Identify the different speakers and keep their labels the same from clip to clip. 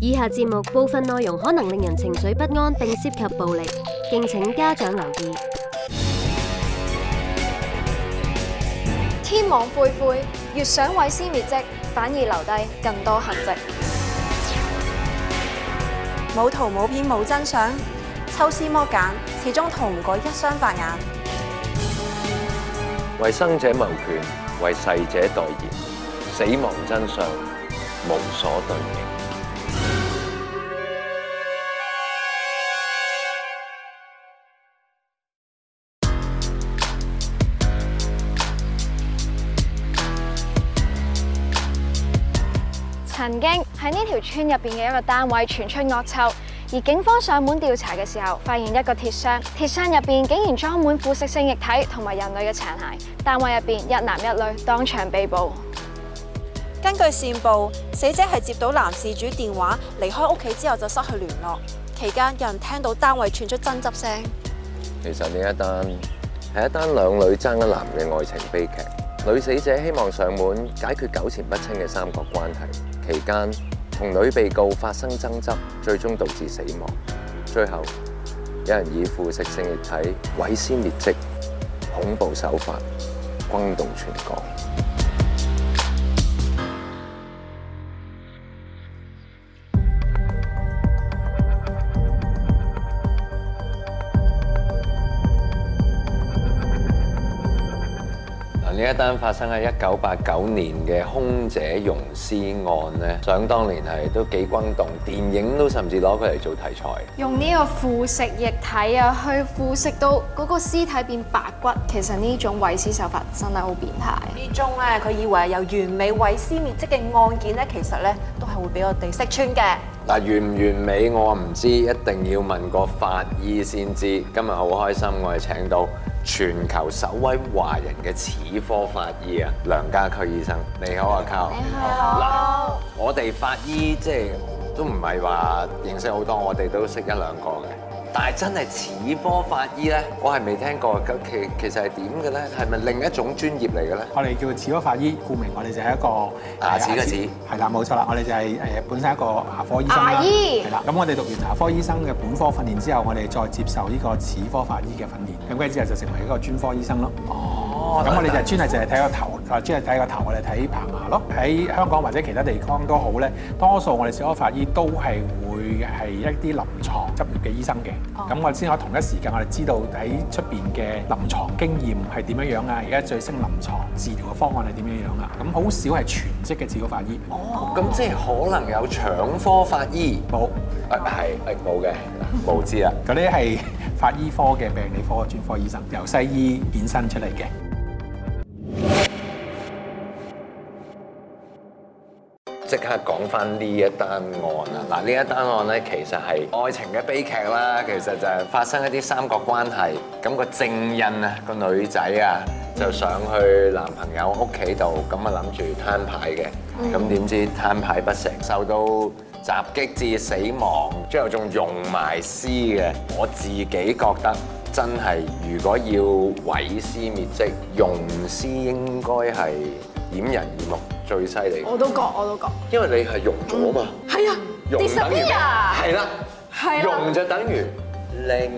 Speaker 1: 以下節目部分內容可能令人情緒不安，並涉及暴力，敬請家長留意。天網
Speaker 2: 恢恢，越想毀屍滅跡，反而留低更多痕跡。
Speaker 3: 冇圖冇片冇真相，抽絲剝繭，始終逃唔過一雙法眼。
Speaker 4: 為生者謀權，為逝者代言，死亡真相無所遁形。
Speaker 2: 曾經喺呢條村入邊嘅一個單位傳出惡臭，而警方上門調查嘅時候，發現一個鐵箱，鐵箱入邊竟然裝滿腐蝕性液體同埋人類嘅殘骸。單位入邊一男一女當場被捕。
Speaker 3: 根據線報，死者係接到男事主電話，離開屋企之後就失去聯絡。期間有人聽到單位傳出爭執聲。
Speaker 4: 其實呢一單係一單兩女爭一男嘅愛情悲劇。女死者希望上門解決糾纏不清嘅三角關係。嗯期間同女被告發生爭執，最終導致死亡。最後有人以腐蝕性液體毀屍滅迹，恐怖手法轟動全港。呢一單發生喺一九八九年嘅空姐溶屍案呢，想當年係都幾轟動，電影都甚至攞佢嚟做題材。
Speaker 2: 用呢個腐蝕液體啊，去腐蝕到嗰個屍體變白骨，其實呢種毀屍手法真係好變態。呢種咧，佢以為由完美毀屍滅跡嘅案件呢，其實呢都係會俾我哋識穿
Speaker 3: 嘅。
Speaker 4: 嗱，完唔完美我唔知，一定要問個法醫先知。今日好開心，我哋請到。全球首位華人嘅齒科法醫啊，梁家區醫生，你好啊，Kay。
Speaker 2: 你好。嗱好，
Speaker 4: 我哋法醫即係都唔係話認識好多，我哋都識一兩個嘅。但係真係齒科法醫咧，我係未聽過。咁其其實係點嘅咧？係咪另一種專業嚟嘅咧？
Speaker 1: 我哋叫齒科法醫，顧名，我哋就係一個牙齒嘅齒。係啦，冇錯啦，我哋就係誒本身一個牙科醫生啦。牙、啊、醫。係啦，咁我哋讀完牙科醫生嘅本科訓練之後，我哋再接受呢個齒科法醫嘅訓練。咁嘅之後就成為一個專科醫生咯。
Speaker 2: 哦。咁我哋就專
Speaker 1: 係淨係睇個頭，或者專係睇個頭，我哋睇棚牙咯。喺香港或者其他地方都好咧，多數我哋齒科法醫都係。佢嘅係一啲臨床執業嘅醫生嘅，咁、oh. 我先可同一時間我哋知道喺出邊嘅臨床經驗係點樣樣啊？而家最新臨床治療嘅方案係點樣樣啊？咁好少係全職嘅治療法醫，哦，咁即係可能有腸科法醫，冇、oh. 有，係冇嘅，冇知啊，嗰啲係法醫科嘅病理科專科醫生，由西醫衍生出嚟嘅。
Speaker 4: 即刻講翻呢一單案啊！嗱，呢一單案呢，其實係愛情嘅悲劇啦。其實就係發生一啲三角關係。咁個證人啊，個女仔啊，就上去男朋友屋企度，咁啊諗住攤牌嘅。咁點、嗯、知攤牌不成，受到襲擊至死亡，之後仲溶埋屍嘅。我自己覺得真係，如果要毀屍滅跡，溶屍應該係掩人耳目。最犀利，我都覺我都覺，因為你係溶咗嘛，係啊，溶就等於係啦，
Speaker 3: 溶就
Speaker 4: 等於靚。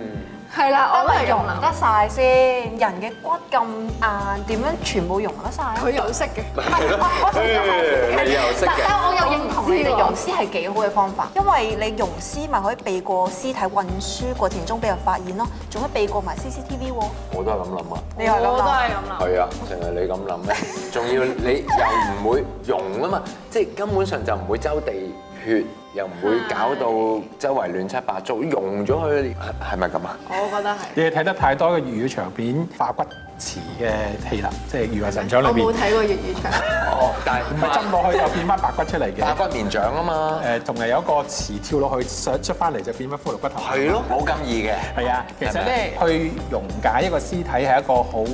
Speaker 2: 係啦，我
Speaker 3: 咪溶得曬先。人嘅骨咁硬，點樣全部溶得曬？佢有
Speaker 2: 色嘅，係
Speaker 4: 咯，佢有色嘅。但係我又
Speaker 3: 認同你哋溶屍係幾好嘅方法，因為你溶屍咪可以避過屍體運輸過程中俾人發現咯，仲可以避過埋 CCTV 喎。
Speaker 4: 我都係咁諗啊，
Speaker 2: 你
Speaker 3: 又咁諗？都係咁諗。
Speaker 4: 係啊，就係你咁諗咧，仲要你又唔會溶啊嘛，即係根本上就唔會周地血。又唔會搞到周圍亂七八糟，溶咗佢係咪咁啊？是是
Speaker 2: 我
Speaker 1: 覺得係。你睇得太多嘅粵語長片化骨池嘅戲啦，即係《如來神掌》裏邊。我冇睇過粵語長。 哦，但係。佢浸落去 就變翻白骨出嚟嘅。白骨綿掌啊嘛。誒，同埋有一個池跳落去，想出翻嚟就變翻骷髏骨頭。係咯，冇咁易嘅。係啊，其實咧，嗎去溶解一個屍體係一個好。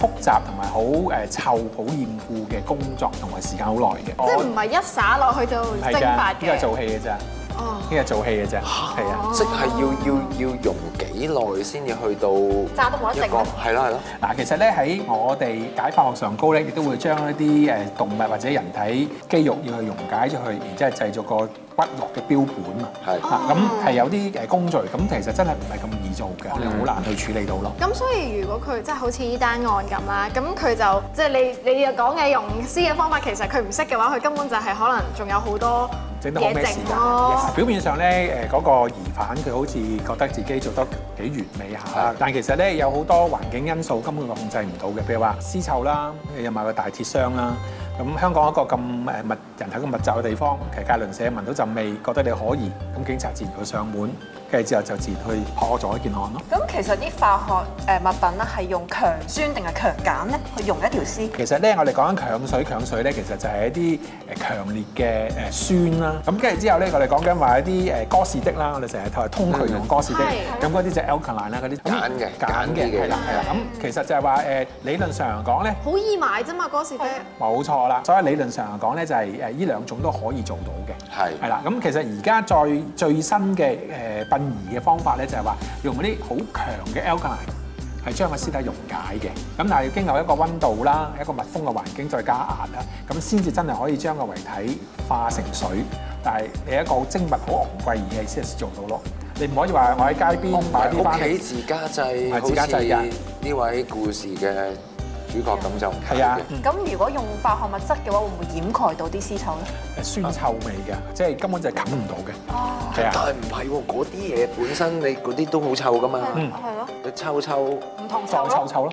Speaker 1: 複雜同埋好誒臭、好厭惡嘅工作，同埋時間好耐嘅。即係唔係
Speaker 2: 一灑落去就蒸發嘅？呢個做戲
Speaker 1: 嘅啫。一日做戲嘅啫，係啊，即係要要要溶幾耐先至去到炸都冇得食，係啦係啦。嗱，其實咧喺我哋解剖學上高咧，亦都會將一啲誒動物或者人體肌肉要去溶解咗去，然之後製作個骨骼嘅標本啊。係啊，咁係有啲誒工序，咁其實真係唔係咁易做嘅，你好難去處理到咯。咁
Speaker 2: 所以如果佢即係好似呢單案咁啦，咁佢就即係你你講嘅溶屍嘅方法，其實佢唔識嘅話，佢根本就係可能仲有好多。整得好咩事？
Speaker 1: 表面上咧，誒、那、嗰個疑犯佢好似覺得自己做得幾完美下啦， 但其實咧有好多環境因素根本就控制唔到嘅，譬如話屍臭啦，有埋 個大鐵箱啦。 咁香港一個咁誒密人喺一個密集嘅地方，其實隔鄰舍聞到陣味，覺得你可疑，咁警察自然去上門，跟住之後就自然去破咗一件案咯。咁
Speaker 3: 其實啲化學誒物品咧係用強酸定係強鹼咧去溶一條屍？
Speaker 1: 其實咧我哋講緊強水，強水咧其實就係一啲誒強烈嘅誒酸啦。咁跟住之後咧我哋講緊話一啲誒哥士的啦，我哋成日睇通渠用哥士的，咁嗰啲就 alkaline 啦，嗰啲鹼嘅鹼嘅係啦係啦。咁其實就係話誒理論上講咧，
Speaker 2: 好易買啫嘛哥士的。
Speaker 1: 冇錯。所以理論上嚟講咧，就係誒呢兩種都可以做到嘅是的。係係啦，咁其實而家再最新嘅誒殯儀嘅方法咧，就係話用嗰啲好強嘅 alkali 係將個屍體溶解嘅。咁但係要經過一個温度啦，一個密封嘅環境，再加壓啦，咁先至真係可以將個遺體化成水。但係你一個精密、好昂貴儀器先至做到咯。你唔可以話我喺街邊買啲翻嚟屋企自家製，自家製好
Speaker 4: 似呢位故事嘅主角咁就係啊！
Speaker 3: 咁如果用化學物質嘅話，會唔會掩蓋到啲屍臭咧？
Speaker 1: 酸臭味嘅，即係根本就係冚唔到嘅。哦、啊的，係啊，但係唔係喎，嗰啲嘢本身你嗰啲都好臭噶嘛，係咯，臭臭，唔通臭，臭臭咯。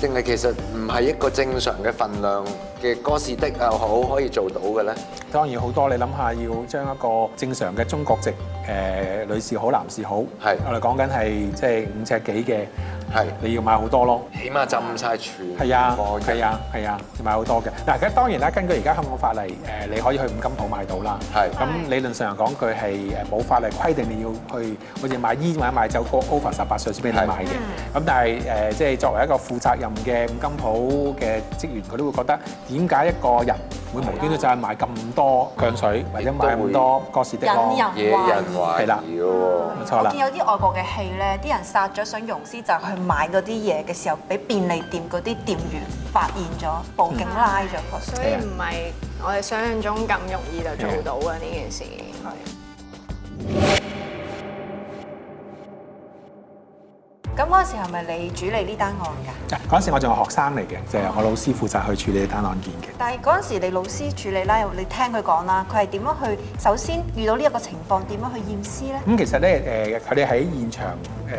Speaker 4: 定係其實唔係一個正常嘅份量嘅哥士的又好可以做到嘅咧？
Speaker 1: 當然好多，你諗下要將一個正常嘅中國籍誒、呃、女士好男士好，係是我哋講緊係即係五尺幾嘅。係，你要買好多咯，起碼浸晒住。係啊，係啊，係啊，要買好多嘅。嗱，而家當然啦，根據而家香港法例，誒你可以去五金鋪買到啦。係的。咁理論上講，佢係誒冇法例規定你要去好似買煙或者買酒個 over 十八歲先俾你買嘅。咁的的但係誒，即係作為一個負責任嘅五金鋪嘅職員，佢都會覺得點解一個人？會無端端就係買咁多鏹水，或者買咁多各式的嘢，引人懷疑。係啦，冇錯啦。見有
Speaker 3: 啲外國嘅戲咧，啲人殺咗想溶屍就去買嗰啲嘢嘅時候，俾便利店嗰啲店員發現咗，報警拉咗佢。所以
Speaker 2: 唔係我哋想象中咁容易就做到嘅呢件事。咁嗰陣時
Speaker 3: 係咪你主理呢單案㗎？嗰
Speaker 1: 陣、啊、時我仲係學生嚟嘅，就係、是、我老師負責去處理呢單案件嘅。
Speaker 3: 但係嗰陣時你老師處理啦，你聽佢講啦，佢係點樣去？首先遇到呢一個情況，點樣去驗屍咧？
Speaker 1: 咁、嗯、其實咧，誒佢哋喺現場誒、呃、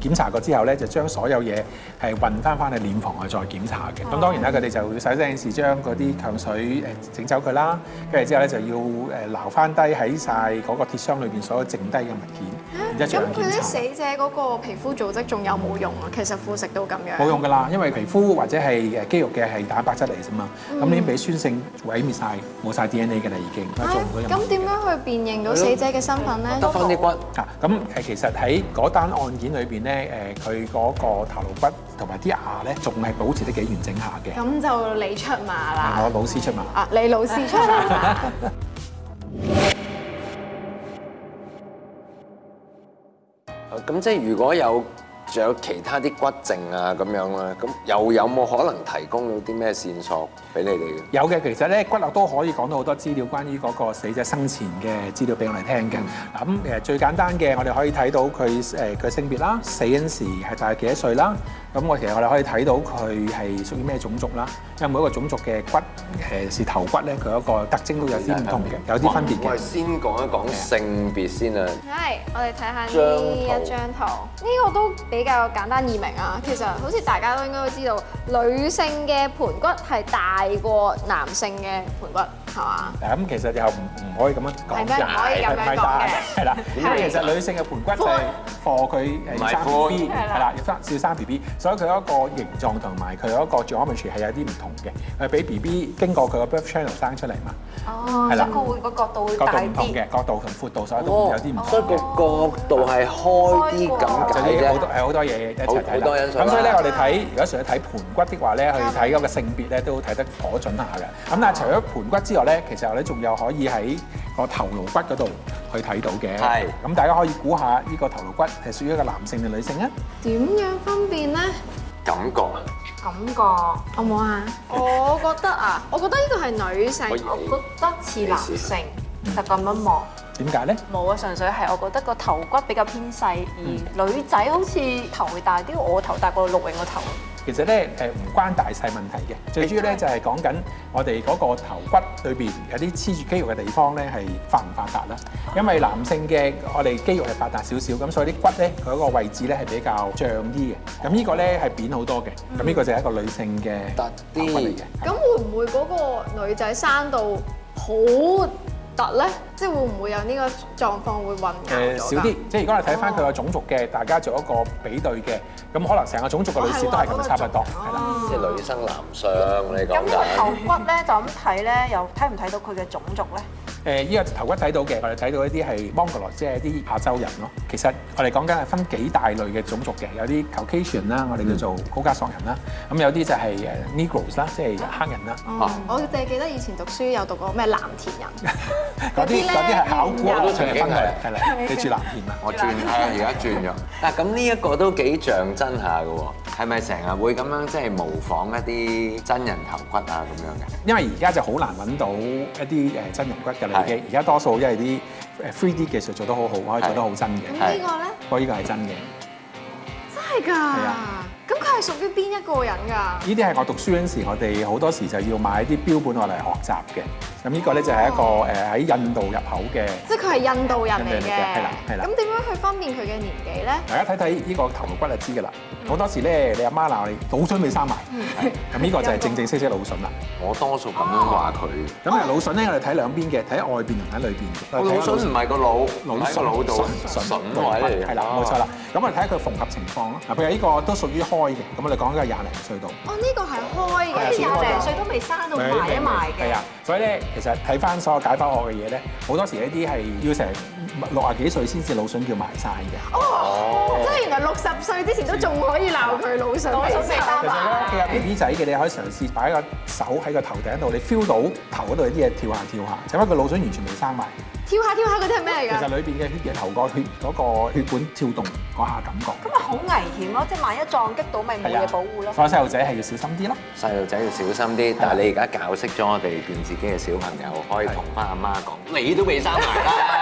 Speaker 1: 檢查過之後咧，就將所有嘢係運翻翻去殮房去再檢查嘅。咁、嗯、當然啦，佢哋就、嗯、就要使啲靚事將嗰啲強水誒整走佢啦。跟住之後咧就要誒留翻低喺晒嗰個鐵箱裏邊所有剩低嘅物件。嗯咁佢啲死
Speaker 2: 者嗰個皮膚組織仲有冇用啊？其實腐蝕到咁樣。冇用
Speaker 1: 噶啦，因為皮膚或者係誒肌肉嘅係蛋白質嚟啫嘛。咁你俾酸性毀滅曬，冇曬 DNA 噶啦，已經做唔到任何嘅。咁
Speaker 2: 點樣去辨認到死者嘅身份咧？得放啲
Speaker 1: 骨嚇。咁誒，其實喺嗰單案件裏邊咧，誒佢嗰個頭顱骨同埋啲牙咧，仲係保持得幾完整下嘅。
Speaker 2: 咁就你出馬
Speaker 1: 啦。我老師出馬。啊，
Speaker 2: 你老師出馬。
Speaker 4: 咁即係如果有。仲有其他啲骨症啊咁樣啦，咁又有冇可能提供到啲咩線索俾你哋
Speaker 1: 嘅？有嘅，其實咧骨骼都可以講到好多資料，關於嗰個死者生前嘅資料俾我哋聽嘅。嗱咁誒最簡單嘅，我哋可以睇到佢誒佢性別啦，死嗰時係大概幾多歲啦。咁我其實我哋可以睇到佢係屬於咩種族啦，因為每個種族嘅骨誒是頭骨咧，佢有一個特徵都有啲唔同嘅，有啲分別嘅。我哋
Speaker 4: 先講一講性別先啊。係，我哋
Speaker 2: 睇下呢一張圖，呢個都。比較簡單易明啊！其實好似大家都應該都知道，女性嘅盆骨係大過男性嘅盆骨。
Speaker 1: 咁其實又唔唔可以咁樣講嘅，係咪？係啦，因為其實女性嘅盆骨就係駁佢誒生 B B 係啦，要生要生 B B，所以佢嗰個形狀同埋佢嗰個 geometry 係有啲唔同嘅。佢俾 B B 經過佢個 birth channel 生出嚟嘛。哦，係啦，個會
Speaker 3: 角度會大啲。角度唔同
Speaker 1: 嘅角度同闊度，所以都有啲唔同。所以個角度係開啲咁解嘅。係好多嘢一齊睇多咁，所以咧，我哋睇如果純去睇盆骨的話咧，去睇嗰個性別咧，都睇得可準下嘅。咁但係除咗盆骨之外，咧，其實咧，仲有可以喺是個頭顱骨嗰度去睇到嘅。係，咁大家可以估下呢個頭顱骨係屬於一個男性定女性啊？點樣
Speaker 2: 分辨咧？
Speaker 1: 感覺。感
Speaker 2: 覺。好冇啊！ 我覺得啊，以我覺得呢個係女性，我覺得似男性，就咁樣望。
Speaker 1: 點解咧？
Speaker 3: 冇啊，純粹係我覺得個頭骨比較偏細，而女仔好似頭會大啲。我
Speaker 1: 頭大過陸永個頭。其實咧誒，唔關大細問題嘅，最主要咧就係講緊我哋嗰個頭骨裏邊有啲黐住肌肉嘅地方咧，係發唔發達啦。因為男性嘅我哋肌肉係發達少少，咁所以啲骨咧，佢嗰個位置咧係比較脹啲嘅。咁呢個咧係扁好多嘅。咁呢個就係一個女性嘅骨嚟嘅。
Speaker 2: 咁、嗯、會唔會嗰個女仔生到好？突咧，即係會唔會有呢個狀況會混？誒少啲，
Speaker 1: 即係如果你睇返佢個種族嘅，大家做一個比對嘅，咁可能成個種族嘅女士都係咁差唔多，即係女生男相嚟講咧。咁個
Speaker 2: 頭骨
Speaker 3: 咧，就咁睇咧，又睇唔睇到佢嘅種族咧？
Speaker 1: 誒依個頭骨睇到嘅，我哋睇到一啲係 Mongoloid，即係啲亞洲人咯。其實我哋講緊係分幾大類嘅種族嘅，有啲 Caucasian 啦，我哋叫做高加索人啦。咁、嗯、有啲就係誒 Negroes 啦、啊，即係黑人啦。我凈係
Speaker 2: 記得以前讀書有讀過咩藍田人，
Speaker 1: 嗰啲啲係考古我人嚟嘅。係咪你
Speaker 4: 住藍田轉轉 啊？我轉啊，而家轉咗。嗱咁呢一個都幾像真下嘅喎，係咪成日會咁樣即係、就是、模仿一啲真人頭骨啊咁樣嘅？因
Speaker 1: 為而家就好難揾到一啲誒真人骨嘅。係，而家多數因為啲誒 3D 技術做得好好，可以做得好真嘅。咁呢個咧？我呢個係真嘅。
Speaker 2: 真係㗎？係啊。咁佢係屬於邊一個人㗎？
Speaker 1: 呢啲係我讀書嗰陣時，我哋好多時就要買啲標本落嚟學習嘅。咁呢個咧就係一個誒喺印度入口嘅，即
Speaker 2: 係佢係印度人嚟嘅。係啦，係啦。咁點樣去分辨佢
Speaker 1: 嘅年紀咧？大家睇睇呢個頭骨就知㗎啦。好多時咧，你阿媽鬧你，腦筍未生埋。咁呢個就係正正式式腦筍啦。我多數咁樣話佢。咁啊，腦筍咧，我哋睇兩邊嘅，睇外邊同睇裏邊嘅。腦筍唔係個腦，腦筍係筍位。係啦，冇錯啦。咁我哋睇下佢縫合情況咯。嗱，譬如呢個都屬於開嘅，咁我哋講緊廿零歲到、
Speaker 2: 哦，哦呢個係開嘅，呢廿零歲都未生到埋一埋嘅，係啊，
Speaker 1: 所以咧其實睇翻所有解剖學嘅嘢咧，好多時呢啲係要成。六十幾歲先至腦筍叫埋晒嘅？哦，即係原來
Speaker 2: 六十歲之前都仲可以鬧佢腦筍。其實咧，其實
Speaker 1: B B 仔嘅你可以嘗試擺個手喺個頭頂度，你 feel 到頭度有啲嘢跳下跳下，睇翻個腦筍完全未生埋。
Speaker 2: 跳下跳下嗰啲係咩嚟
Speaker 3: 嘅？其
Speaker 1: 實裏邊嘅血嘅頭角血嗰個血管跳動嗰下感覺。咁咪
Speaker 3: 好危險咯！即係萬一撞擊到咪冇嘢保護咯。咁
Speaker 1: 啊，細路仔係要小心啲咯。細路仔要小心啲，但係你而家教識
Speaker 4: 咗我哋自己嘅小朋友，可以同翻阿媽講：你都未生埋啦！，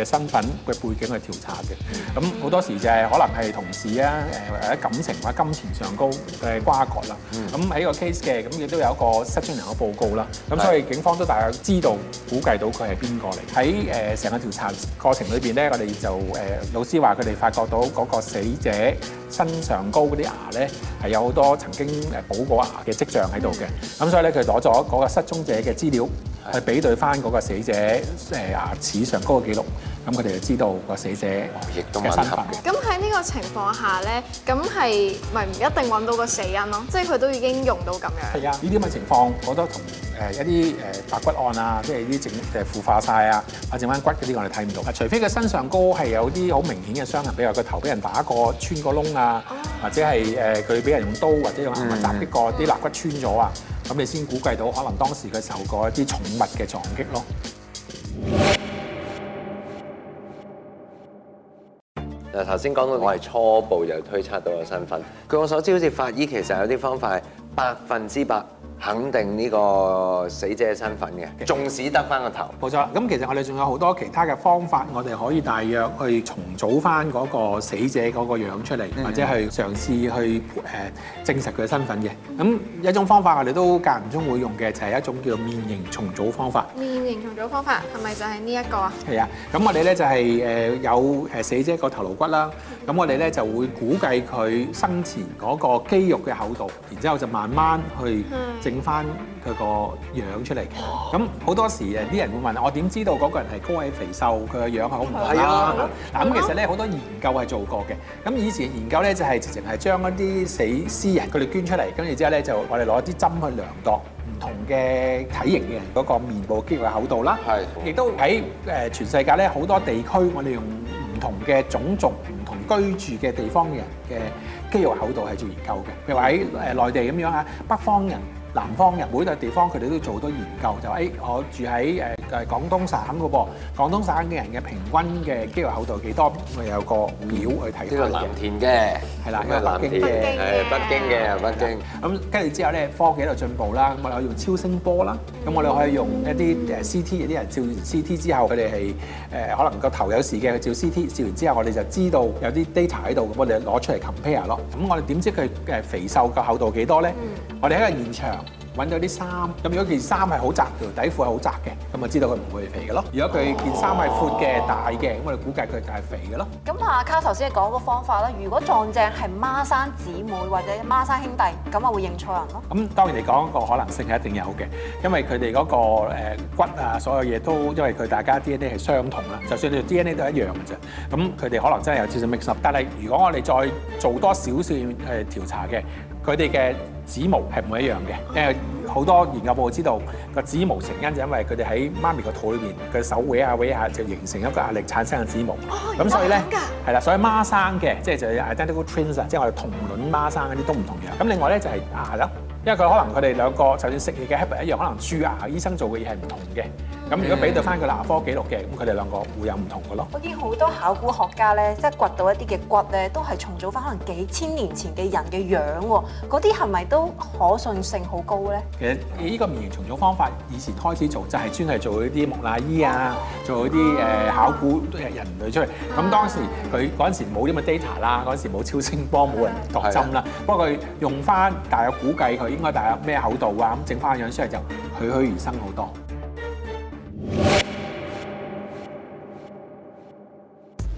Speaker 1: 嘅身份嘅背景去調查嘅，咁好多時就係可能係同事啊，誒或者感情或者金錢上高嘅瓜葛啦。咁喺呢個 case 嘅，咁亦都有一個失蹤人嘅報告啦。咁所以警方都大概知道估計到佢係邊個嚟。喺誒成個調查過程裏邊咧，我哋就誒老師話佢哋發覺到嗰個死者身上高嗰啲牙咧係有好多曾經誒補過牙嘅跡象喺度嘅。咁所以咧，佢攞咗嗰個失蹤者嘅資料去比對翻嗰個死者誒牙齒上高嘅記錄。咁佢哋就知道個死者亦都冇
Speaker 2: 身份嘅。咁喺呢個情況下咧，咁係咪唔一定揾到個死因咯？即係佢都已經溶到咁
Speaker 1: 嘅。係啊，呢啲咁嘅情況，我覺得同誒一啲誒白骨案啊，即係啲整誒腐化晒啊、壓剩翻骨嗰啲，我哋睇唔到。除非佢身上高係有啲好明顯嘅傷痕，比如個頭俾人打過穿過個窿啊、oh.，或者係誒佢俾人用刀或者用物砸啲個啲肋骨穿咗啊，咁你先估計到可能當時佢受過一啲重物嘅撞擊咯。
Speaker 4: 嗱，頭先講到我係初步就推測到個身份。據我所知，好似法醫其實有啲方法係百分之百。肯定呢個死者嘅身份嘅，縱使得翻個頭，
Speaker 1: 冇錯啦。咁其實我哋仲有好多其他嘅方法，我哋可以大約去重組翻嗰個死者嗰個樣出嚟，或者係嘗試去誒證實佢嘅身份嘅。咁一種方法我哋都間唔中會用嘅，就係一種叫面型重組方法。
Speaker 2: 面
Speaker 1: 型重組方法係咪就係呢一個啊？係啊，咁我哋咧就係誒有誒死者個頭顱骨啦。咁我哋咧就會估計佢生前嗰個肌肉嘅厚度，然之後就慢慢去整。翻佢個樣出嚟嘅，咁好多時誒，啲人會問我點知道嗰個人係高矮肥瘦？佢個樣係好唔同啦。嗱、啊，咁其實咧好多研究係做過嘅。咁以前研究咧就係、是、直情係將一啲死屍人佢哋捐出嚟，跟住之後咧就我哋攞啲針去量度唔同嘅體型嘅人嗰個面部肌肉厚度啦。係的，亦都喺誒、呃、全世界咧好多地區，我哋用唔同嘅種族、唔同居住嘅地方嘅人嘅肌肉厚度係做研究嘅。譬如話喺誒內地咁樣啊，北方人。南方人每笪地方佢哋都做好多研究，就誒我住喺誒誒廣東省嘅噃，廣東省嘅人嘅平均嘅肌肉厚度幾多？我有個表去睇。呢個藍田嘅係啦，因為北京嘅係北京嘅，北京。咁跟住之後咧，科技喺度進步啦，咁我哋可以用超聲波啦，咁我哋可以用一啲誒 CT，啲人照 CT 之後，佢哋係誒可能個頭有事嘅佢照 CT，照完之後我哋就知道有啲 data 喺度，咁我哋攞出嚟 compare 咯。咁我哋點知佢誒肥瘦嘅厚度幾多咧？我哋喺個現場。揾到啲衫，咁如果件衫係好窄，條底褲係好窄嘅，咁啊知道佢唔會肥嘅咯。如果佢件衫係闊嘅、大嘅，咁我哋估計佢就係肥嘅咯。
Speaker 3: 咁阿卡頭先講個方法咧，如果撞正係孖生姊妹或者孖生兄弟，咁啊會認錯人咯。
Speaker 1: 咁當然你講個可能性係一定有嘅，因為佢哋嗰個誒骨啊，所有嘢都因為佢大家 DNA 係相同啦，就算你 DNA 都一樣嘅啫。咁佢哋可能真係有少少 mix up，但係如果我哋再做多少少誒調查嘅。佢哋嘅指模係唔一樣嘅，因為好多研究部知道個指模成因就因為佢哋喺媽咪個肚裏邊嘅手搲下搲下就形成一個壓力產生嘅指模。咁、哦嗯、所以咁噶。係啦、嗯，所以孖生嘅，即係就係 identical twins 啊，即係我哋同卵孖生嗰啲都唔同樣。咁另外咧就係、是、牙，因為佢可能佢哋兩個就算食嘢嘅 habit 一樣，可能蛀牙醫生做嘅嘢係唔同嘅。咁、嗯、如果比到翻佢牙科記錄嘅，咁佢哋兩個會有唔同嘅咯。我
Speaker 2: 已經好
Speaker 3: 多考古學家咧，即係掘到一啲嘅骨咧，都係重組翻可能幾千年前嘅人嘅樣喎。嗰啲係咪都可信性好高咧？
Speaker 1: 其實呢個面型重組方法以前開始做就係、是、專係做嗰啲木乃伊、嗯、啊，做嗰啲誒考古人類出嚟。咁當時佢嗰陣時冇啲咁嘅 data 啦，嗰陣時冇超聲波，冇、嗯、人篤針啦。嗯、不過佢用翻，大概估計佢應該大概咩厚度啊，咁整翻個樣出嚟就栩栩如生好多。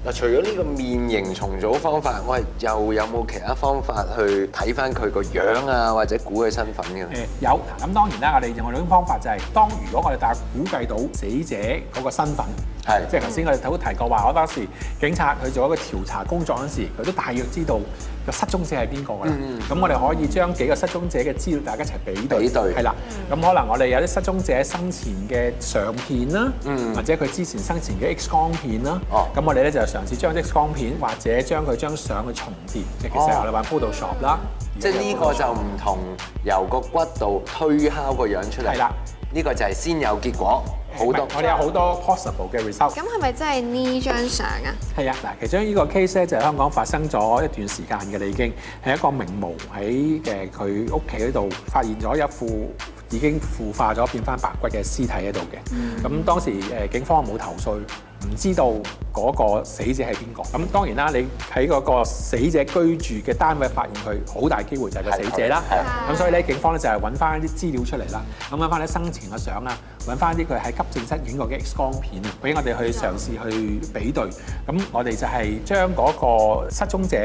Speaker 4: 嗱，除咗呢個面型重組方法，我又有冇其他方法去睇翻佢個樣啊，或者估佢身份嘅、啊？誒、呃，
Speaker 1: 有。咁當然啦，我哋另外兩種方法就係、是，當如果我哋大家估計到死者嗰個身份。係，即係頭先我哋都提過話，好多時警察佢做一個調查工作嗰陣時，佢都大約知道個失蹤者係邊個㗎。咁、嗯、我哋可以將幾個失蹤者嘅資料大家一齊比對。比對。係啦，咁可能我哋有啲失蹤者生前嘅相片啦，嗯、或者佢之前生前嘅 X 光片啦。哦。咁我哋咧就嘗試將 X 光片或者將佢張相去重疊，即係其實我哋話 Photoshop 啦。即係呢個就唔同由個骨度推敲個樣出嚟。係啦。呢個就係先有結果，好是多我哋是有好多 possible 嘅 result，
Speaker 2: 咁係咪真係呢張相啊？係啊，嗱，其
Speaker 1: 中呢個 case 咧就係香港發生咗一段時間嘅喇，已經係一個名模喺誒佢屋企嗰度發現咗一副已經腐化咗變翻白骨嘅屍體喺度嘅。咁、嗯、當時誒警方冇頭緒。唔知道嗰個死者係邊個咁，當然啦，你喺嗰個死者居住嘅單位發現佢，好大機會就係個死者啦。咁的所以呢，的警方呢就係揾翻啲資料出嚟啦，咁揾翻啲生前嘅相啦，揾翻啲佢喺急症室影過嘅 X 光片啊，俾我哋去嘗試去比對。咁我哋就係將嗰個失蹤者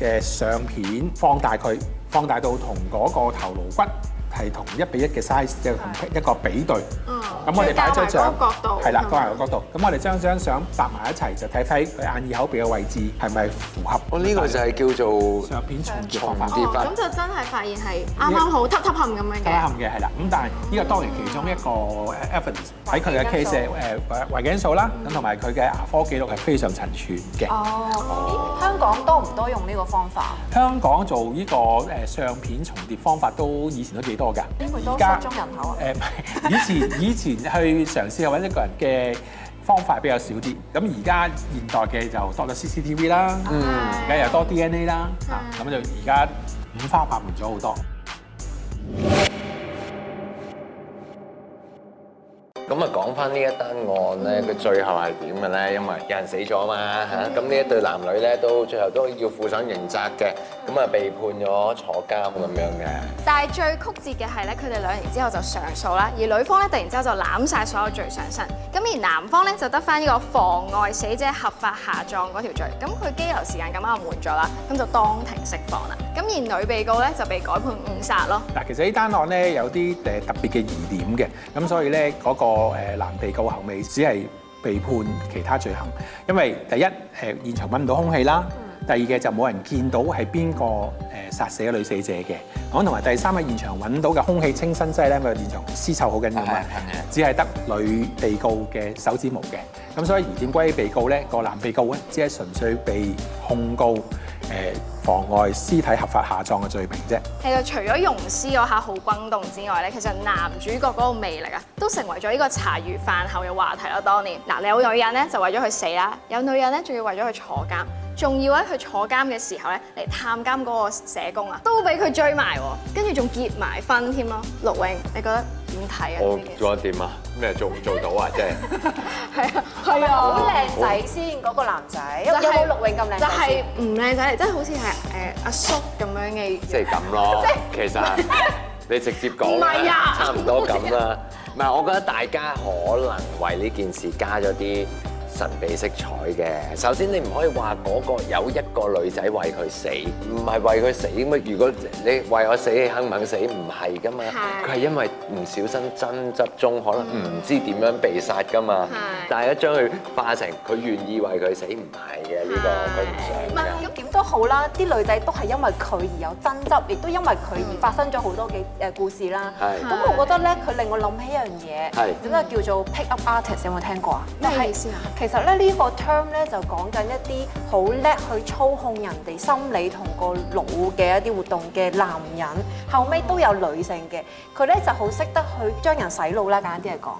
Speaker 1: 嘅相片放大佢，放大到同嗰個頭顱骨。係同一比一嘅 size，即係同一個比對。嗯。咁我哋擺張相，係啦，高下嘅角度。角度。咁我哋將張相搭埋一齊，就睇睇佢眼耳口鼻嘅位置係咪符合。我呢個就係叫做相片重疊方法。咁就
Speaker 2: 真係發現係啱啱好凸凸陷咁樣嘅。凸陷
Speaker 1: 嘅係啦。咁但係呢個當然其中一個 evidence 喺佢嘅 case，誒維頸數啦，咁同埋佢嘅牙科記錄係非常齊全嘅。哦。
Speaker 3: 咦？
Speaker 1: 香港多唔多用呢個方法？香港做呢個誒相片重疊方法都以前都幾多。多㗎，
Speaker 3: 而家中人
Speaker 1: 口啊，誒，以前以前去嘗試去揾一個人嘅方法比較少啲，咁而家現代嘅就多咗 CCTV 啦，嗯，而家又多 DNA 啦，嚇，咁就而家五花八門咗好多。
Speaker 4: 咁啊，講翻呢一單案咧，佢最後係點嘅咧？因為有人死咗嘛嚇，咁呢一對男女咧，都最後都都要負上刑責嘅，咁啊被判咗坐監咁樣嘅。
Speaker 2: 但係最曲折嘅係咧，佢哋兩年之後就上訴啦，而女方咧突然之間就攬曬所有罪上身，咁而男方咧就得翻呢個妨礙死者合法下葬嗰條罪。咁佢羈留時間咁啱就滿咗啦，咁就當庭釋放啦。咁而女
Speaker 1: 被告咧就被改判誤殺咯。嗱，其實呢單案咧有啲誒特別嘅疑點嘅，咁所以咧嗰個誒男被告後尾只係被判其他罪行，因為第一誒現場揾唔到空氣啦，第二嘅就冇人見到係邊個誒殺死女死者嘅，咁同埋第三喺現場揾到嘅空氣清新劑咧，因為現場屍臭好緊要㗎嘛，只係得女被告嘅手指毛嘅，咁所以疑點歸於被告咧，個男被告咧只係純粹被控告。誒，妨 礙屍體合法下葬嘅罪名啫。
Speaker 2: 其實除咗溶屍嗰下好轟動之外咧，其實男主角嗰個魅力啊，都成為咗呢個茶餘飯後嘅話題咯。當年嗱、啊，你有女人咧就為咗佢死啦，有女人咧仲要為咗佢坐監。仲要喺佢坐監嘅時候咧，嚟探監嗰個社工啊，都俾佢追埋，跟住仲結埋婚添咯。陸永，你覺得點睇啊？我覺
Speaker 4: 得點啊？咩做唔做到啊？即係係啊係
Speaker 2: 啊！好靚仔先嗰個男仔，有冇陸永咁靚仔？但係唔靚仔嚟，即係好似係誒阿叔咁樣嘅。即係咁咯，
Speaker 4: 即係其實你直接講，唔係啊，差唔多咁啦。唔係，我覺得大家可能為呢件事加咗啲。一神秘色彩嘅，首先你唔可以話嗰個有一個女仔為佢死，唔係為佢死咁啊！如果你為我死肯唔肯死，唔係噶嘛，佢係是的 因為唔小心爭執中可能唔知點樣被殺噶嘛，是的 但係一將佢化成佢願意為佢死，唔係嘅呢個，佢唔想。唔係咁
Speaker 3: 點都好啦，啲女仔都係因為佢而有爭執，亦都因為佢而發生咗好多嘅誒故事啦。咁我覺得咧，佢令我諗起一樣嘢，係點解叫做 pick up artist，有冇聽過啊？咩意思啊？一一其實咧，呢個 term 咧就講緊一啲好叻去操控人哋心理同個腦嘅一啲活動嘅男人，後尾都有女性嘅，佢咧就好識得去將人洗腦啦，簡單啲嚟講，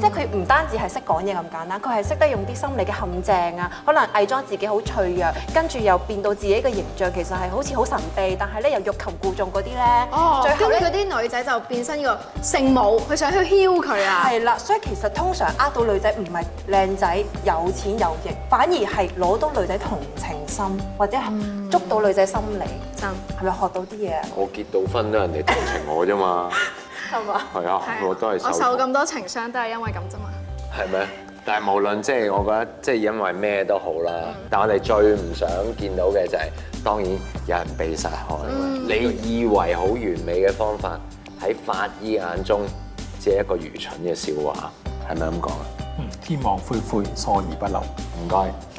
Speaker 3: 即係佢唔單止係識講嘢咁簡單，佢係識得用啲心理嘅陷阱啊，可能偽裝自己好脆弱，跟住又變到自己嘅形象其實係好似好神秘，但係咧又欲擒故縱嗰啲咧，哦，最後咧嗰啲女仔就變身呢個聖母，佢想去轟佢啊，係啦，所以其實通常呃到女仔唔係靚仔。有錢有型，反而係攞到女仔同情心，或者捉到女仔心理，係咪、嗯、學到啲
Speaker 2: 嘢？
Speaker 4: 我結到婚都人哋同情我啫嘛
Speaker 2: 吧，
Speaker 4: 係嘛？係啊，啊我都係我受
Speaker 2: 咁多情傷，都係因為咁啫
Speaker 4: 嘛。係咪？但係無論即係我覺得即係因為咩都好啦，嗯、但係我哋最唔想見到嘅就係、是，當然有人被殺害。你以為好完美嘅方法，喺法醫眼中只係一個愚蠢嘅笑話，
Speaker 1: 係咪咁講啊？.天網恢恢，疏而不漏。唔該。